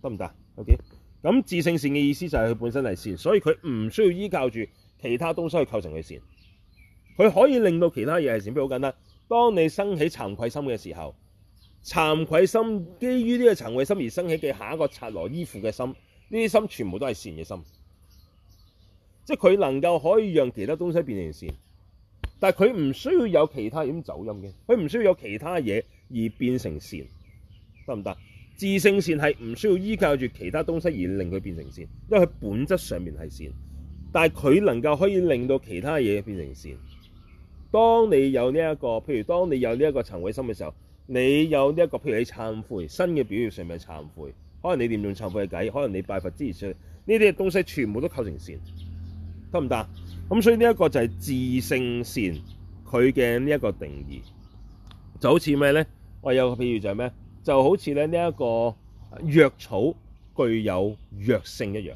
得唔得？OK。咁自性善嘅意思就係佢本身係善，所以佢唔需要依靠住其他東西去構成佢善，佢可以令到其他嘢係善。非好簡單，當你生起慚愧心嘅時候，慚愧心基於呢個慚愧心而生起嘅下一個拆羅依附嘅心，呢啲心全部都係善嘅心，即係佢能夠可以讓其他東西變成善，但係佢唔需要有其他嘢咁走音嘅，佢唔需要有其他嘢而變成善，得唔得？自性善係唔需要依靠住其他東西而令佢變成善，因為佢本質上面係善。但係佢能夠可以令到其他嘢變成善。當你有呢、這、一個，譬如當你有呢一個慚愧心嘅時候，你有呢、這、一個，譬如你懺悔，新嘅表現上面懺悔，可能你念用懺悔嘅計，可能你拜佛之餘出嚟，呢啲嘅東西全部都構成善，得唔得？咁所以呢一個就係自性善，佢嘅呢一個定義就好似咩咧？我有個譬如就係咩？就好似咧呢一個藥草具有藥性一樣，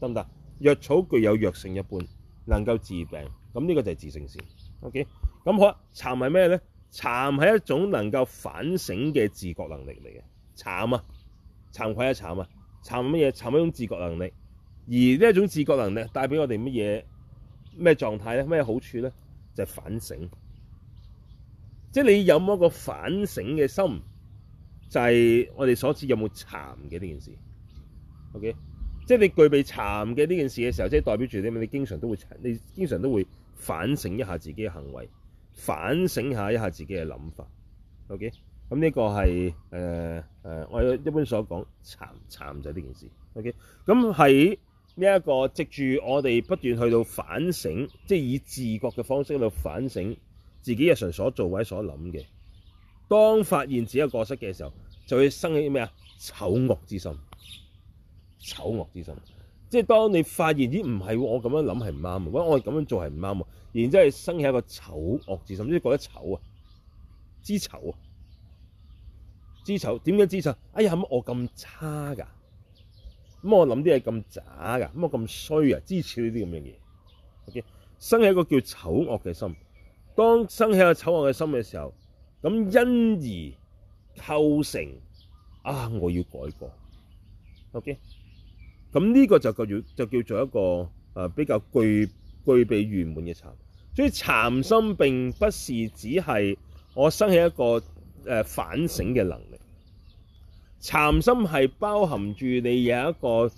得唔得？藥草具有藥性一般，能夠治病。咁呢個就係自性善。OK，咁好啊。慚係咩咧？慚係一種能夠反省嘅自覺能力嚟嘅。慚啊，慚愧啊，慚啊，慚乜嘢？慚係一種自覺能力。而呢一種自覺能力帶俾我哋乜嘢咩狀態咧？咩好處咧？就係反省。即係你有冇一個反省嘅心？就係我哋所知有冇慚嘅呢件事，OK，即係你具備慚嘅呢件事嘅時候，即係代表住你，你經常都會你經常都會反省一下自己嘅行為，反省下一下自己嘅諗法，OK，咁呢個係誒誒，我一般所講慚慚就係呢件事，OK，咁喺呢一個藉住我哋不斷去到反省，即係以自覺嘅方式去到反省自己日常所做位所諗嘅，當發現自己嘅過失嘅時候，就會生起啲咩啊？醜惡之心，醜惡之心，即係當你發現咦，唔係我咁樣諗係唔啱啊，喂我咁樣，樣做係唔啱啊，然之後生起一個醜惡之心，即係覺得醜啊，知醜啊，知醜點樣知醜？哎呀，乜我咁差㗎？咁我諗啲係咁渣㗎？咁我咁衰啊？支持呢啲咁嘅嘢？O.K. 生起一個叫醜惡嘅心，當生起一個醜惡嘅心嘅時候，咁因而。構成啊！我要改過，OK？咁呢個就叫就叫做一個誒比較具具備圓滿嘅慚。所以慚心並不是只係我生起一個誒、呃、反省嘅能力，慚心係包含住你有一個誒、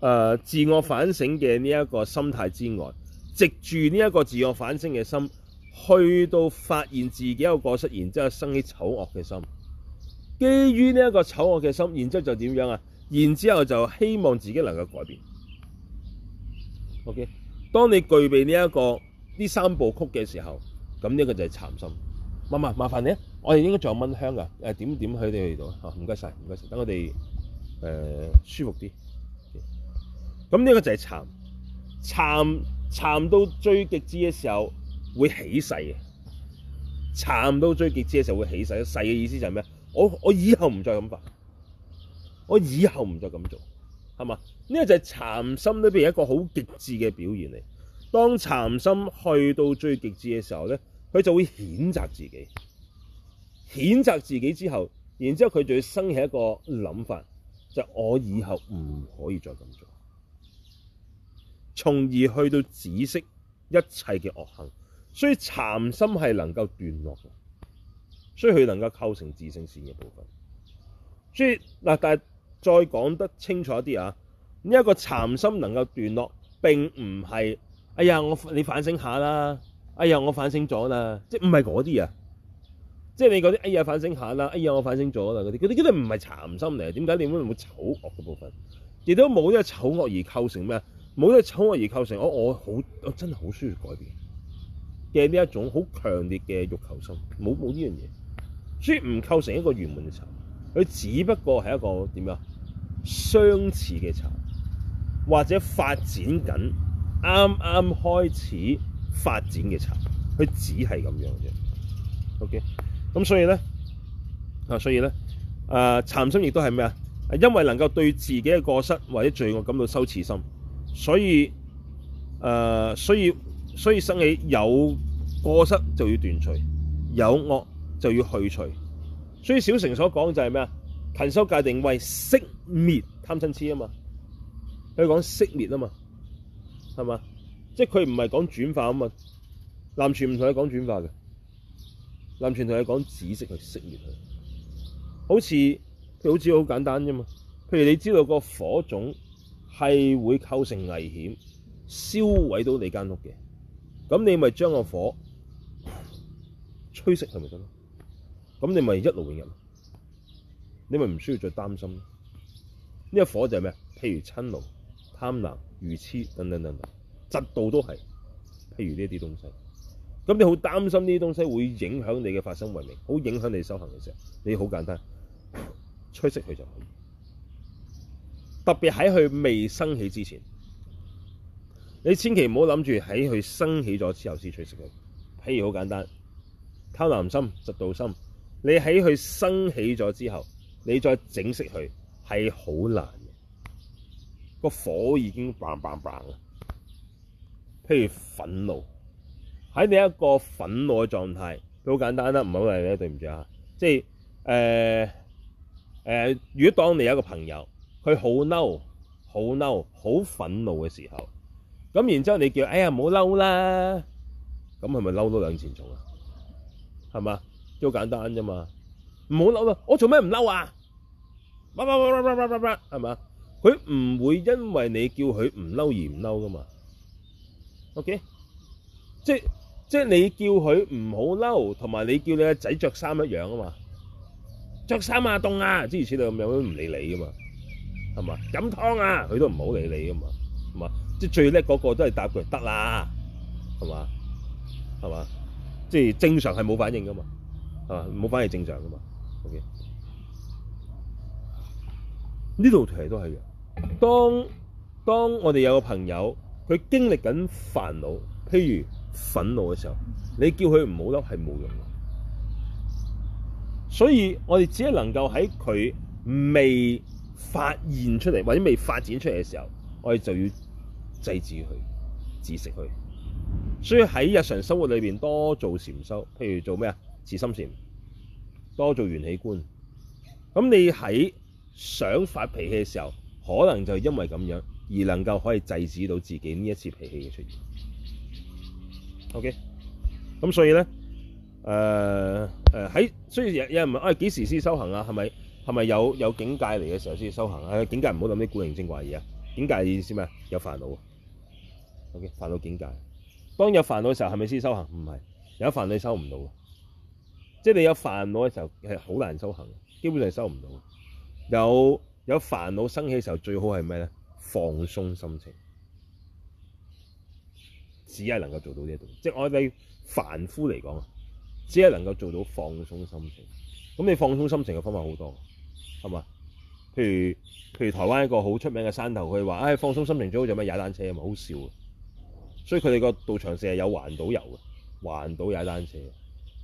呃、自我反省嘅呢一個心態之外，藉住呢一個自我反省嘅心去到發現自己一個過失，然之後生起醜惡嘅心。基於呢一個醜惡嘅心，然之後就點樣啊？然之後就希望自己能夠改變。OK，當你具備呢、這、一個呢、這個、三部曲嘅時候，咁呢個就係慚心。麻煩你啊，我哋應該仲有蚊香噶，誒、呃、點點去你去到啊，吓唔該晒，唔該晒，等我哋誒、呃、舒服啲。咁、嗯、呢個就係慚，慚慚到最極致嘅時候會起誓嘅，慚到最極致嘅時候會起誓，誓嘅意思就係咩？我我以後唔再咁辦，我以後唔再咁做，係嘛？呢個就係慚心裏邊一個好極致嘅表現嚟。當慚心去到最極致嘅時候咧，佢就會譴責自己，譴責自己之後，然之後佢就會生起一個諗法，就係我以後唔可以再咁做，從而去到止息一切嘅惡行。所以慚心係能夠斷落所以佢能夠構成自性善嘅部分。所以嗱，但係再講得清楚一啲啊，呢一個慚心能夠斷落並唔係，哎呀我你反省下啦，哎呀我反省咗啦，即係唔係嗰啲啊？即係你嗰啲哎呀反省下啦，哎呀我反省咗啦嗰啲，嗰啲嗰啲唔係慚心嚟，點解你會唔會有醜惡嘅部分？亦都冇呢個醜惡而構成咩？冇呢個醜惡而構成我我好我真係好需要改變嘅呢一種好強烈嘅欲求心，冇冇呢樣嘢。所以唔構成一個圓滿嘅慚，佢只不過係一個點樣相似嘅慚，或者發展緊啱啱開始發展嘅慚。佢只係咁樣啫。OK，咁所以咧啊，所以咧啊，慚、呃、心亦都係咩啊？因為能夠對自己嘅過失或者罪惡感到羞恥心，所以誒、呃，所以所以生起有過失就要斷除，有惡，就要去除，所以小乘所講就係咩啊？勤修戒定慧，息滅貪嗔痴啊嘛，佢講息滅啊嘛，係嘛？即係佢唔係講轉化啊嘛。南傳唔同你講轉化嘅，南傳同你講止息去息滅佢。好似佢，佢好似好簡單啫嘛。譬如你知道個火種係會構成危險，燒毀到你間屋嘅，咁你咪將個火吹熄佢，咪得咯。咁你咪一勞永逸，你咪唔需要再擔心呢一火就係咩？譬如嗔怒、貪婪、愚痴等等等等，嫉妒都係，譬如呢啲東西。咁你好擔心呢啲東西會影響你嘅法身慧命，好影響你修行嘅時候，你好簡單，吹熄佢就可以。特別喺佢未生起之前，你千祈唔好諗住喺佢生起咗之後先吹熄佢。譬如好簡單，貪婪心、嫉妒心。你喺佢生起咗之後，你再整熄佢，係好難嘅。個火已經 bang bang bang 啦。譬如憤怒，喺你一個憤怒嘅狀態好簡單啦，唔好嚟咧，對唔住啊。即係誒誒，如果當你有一個朋友，佢好嬲、好嬲、好憤怒嘅時候，咁然之後你叫，哎呀，唔好嬲啦！咁係咪嬲多兩錢重啊？係嘛？都簡單啫嘛，唔好嬲啦！我做咩唔嬲啊？叭叭，係嘛？佢唔會因為你叫佢唔嬲而唔嬲噶嘛？O、okay? K，即即你叫佢唔好嬲，同埋你叫你仔着衫一樣啊嘛。着衫啊，凍啊，即如此類似咁樣，佢唔理你噶嘛，係嘛？飲湯啊，佢都唔好理你噶嘛，係嘛？即最叻嗰個都係答佢得啦，係嘛？係嘛？即正常係冇反應噶嘛？啊，冇返係正常噶嘛？OK，呢度其實都係嘅。當當我哋有個朋友佢經歷緊煩惱，譬如憤怒嘅時候，你叫佢唔好嬲係冇用嘅。所以我哋只係能夠喺佢未發現出嚟，或者未發展出嚟嘅時候，我哋就要制止佢、止息佢。所以喺日常生活裏邊多做禪修，譬如做咩啊？自性善，多做緣起觀。咁你喺想發脾氣嘅時候，可能就因為咁樣而能夠可以制止到自己呢一次脾氣嘅出現。OK，咁所以咧，誒誒喺，所以有有人問：，啊，幾時先修行啊？係咪係咪有有境界嚟嘅時候先修行啊？境界唔好諗啲古靈精怪嘢啊！境界意思咩？有煩惱。OK，煩惱境界。當有煩惱嘅時候，係咪先修行？唔係，有煩惱你收唔到。即係你有煩惱嘅時候係好難修行嘅，基本上收唔到的。有有煩惱升起嘅時候，最好係咩咧？放鬆心情，只係能夠做到呢一度。即係我哋凡夫嚟講，只係能夠做到放鬆心情。咁你放鬆心情嘅方法好多，係嘛？譬如譬如台灣一個好出名嘅山頭，佢話：，唉、哎，放鬆心情最好就咩踩單車啊嘛，好笑啊！所以佢哋個道場成日係有環島遊嘅，環島踩單車啊。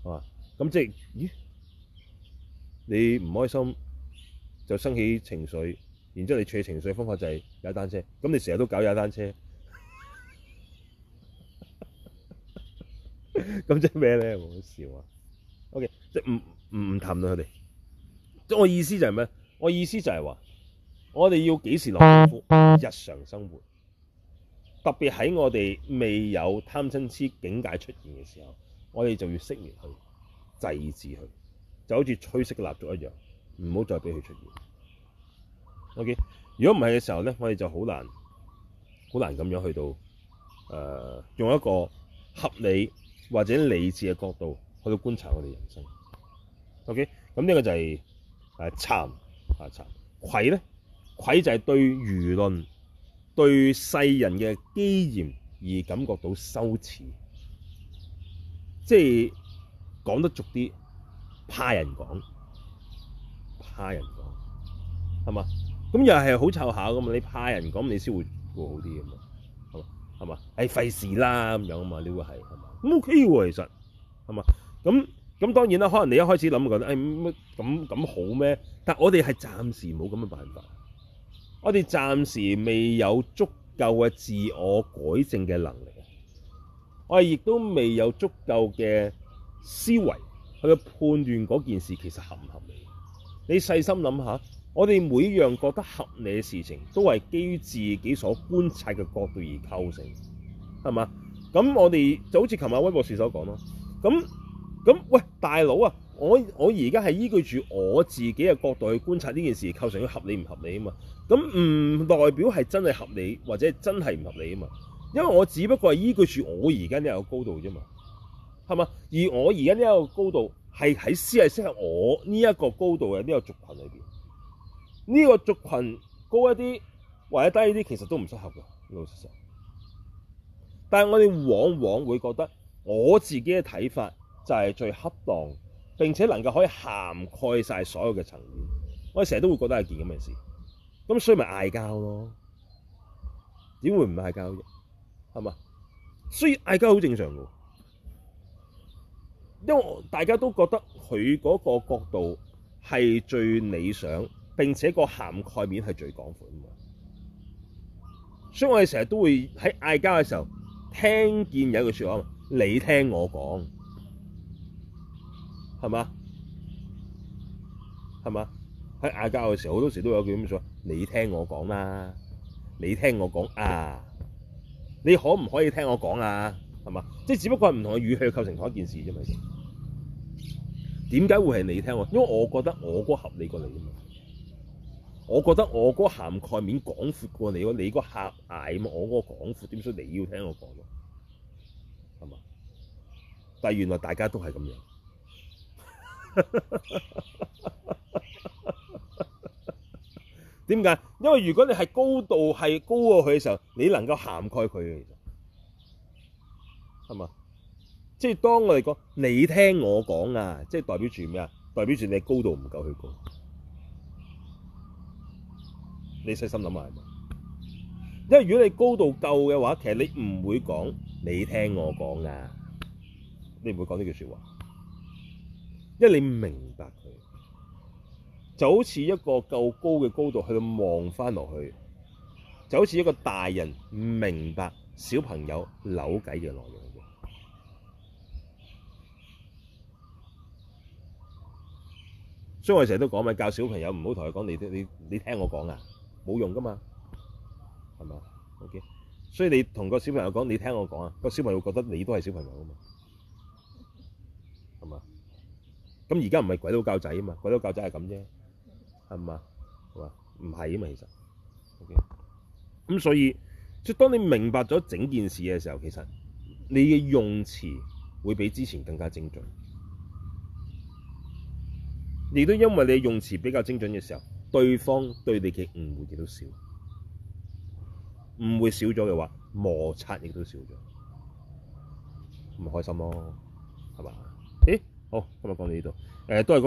係嘛？咁即係，咦？你唔開心就生起情緒，然之後你處理情緒嘅方法就係踩單車。咁你成日都搞踩單車，咁 即係咩咧？好笑啊！OK，即係唔唔氹到佢哋。即係我意思就係咩？我意思就係話，我哋要幾時落功夫日常生活？特別喺我哋未有貪嗔痴境界出現嘅時候，我哋就要適應佢。制止佢，就好似吹熄嘅蠟燭一樣，唔好再俾佢出現。OK，如果唔係嘅時候咧，我哋就好難，好難咁樣去到誒、呃、用一個合理或者理智嘅角度去到觀察我哋人生。OK，咁呢個就係誒慚啊慚、愧咧，愧就係對輿論對世人嘅譏嫌而感覺到羞恥，即係。講得俗啲，怕人講，怕人講係嘛？咁又係好湊巧噶嘛？你怕人講，你先會過好啲啊、哎、嘛？係嘛？係嘛？誒，費事啦咁樣啊嘛？你會係係嘛？咁 OK 喎，其實係嘛？咁咁當然啦。可能你一開始諗，覺得誒咁咁好咩？但我哋係暫時冇咁嘅辦法，我哋暫時未有足夠嘅自我改正嘅能力，我哋亦都未有足夠嘅。思維去判斷嗰件事其實合唔合理？你細心諗下，我哋每樣覺得合理嘅事情，都係基於自己所觀察嘅角度而構成，係嘛？咁我哋就好似琴日威博士所講咯，咁咁喂，大佬啊，我我而家係依據住我自己嘅角度去觀察呢件事，構成合理唔合理啊嘛？咁唔代表係真係合理或者真係唔合理啊嘛？因為我只不過係依據住我而家呢有個高度啫嘛。係嘛？而我而家呢一個高度係喺私係適合我呢一個高度嘅呢個族群裏邊。呢個族群高一啲或者低一啲，其實都唔適合嘅，老實實。但係我哋往往會覺得我自己嘅睇法就係最恰當，並且能夠可以涵蓋晒所有嘅層面。我哋成日都會覺得係件咁嘅事，咁所以咪嗌交咯？點會唔嗌交啫？係嘛？所以嗌交好正常嘅。因為大家都覺得佢嗰個角度係最理想，並且個涵蓋面係最廣闊嘛，所以我哋成日都會喺嗌交嘅時候，聽見有句説話，你聽我講，係嘛？係嘛？喺嗌交嘅時候，好多時都有句咁嘅説話，你聽我講啦，你聽我講啊，你可唔可以聽我講啊？係嘛？即係只不過係唔同嘅語氣構成同一件事啫，係咪先？點解會係你聽我？因為我覺得我個合理過嚟啊嘛，我覺得我個涵蓋面廣闊過你，你你個狹隘嘛，我個廣闊，所以你要聽我講咯。係嘛？但係原來大家都係咁樣。點 解？因為如果你係高度係高過佢嘅時候，你能夠涵蓋佢，其實係嘛？即係當我哋講你聽我講啊，即係代表住咩啊？代表住你高度唔夠佢高。你細心諗下，係嘛，因為如果你高度夠嘅話，其實你唔會講你聽我講啊。你唔會講呢句説話，因為你明白佢就好似一個夠高嘅高度去望翻落去，就好似一個大人明白小朋友扭計嘅內容。因為成日都講咪教小朋友唔好同佢講，你你你聽我講啊，冇用噶嘛，係嘛？OK，所以你同個小朋友講你聽我講啊，個小朋友覺得你都係小朋友啊嘛，係嘛？咁而家唔係鬼佬教仔啊嘛，鬼佬教仔係咁啫，係嘛？係嘛？唔係啊嘛，其實 OK，咁所以即係當你明白咗整件事嘅時候，其實你嘅用詞會比之前更加精準。亦都因為你用詞比較精準嘅時候，對方對你嘅誤會亦都少，誤會少咗嘅話，摩擦亦都少咗，咪開心咯，係嘛？誒，好，今日講到呢度。誒、呃、都係、那個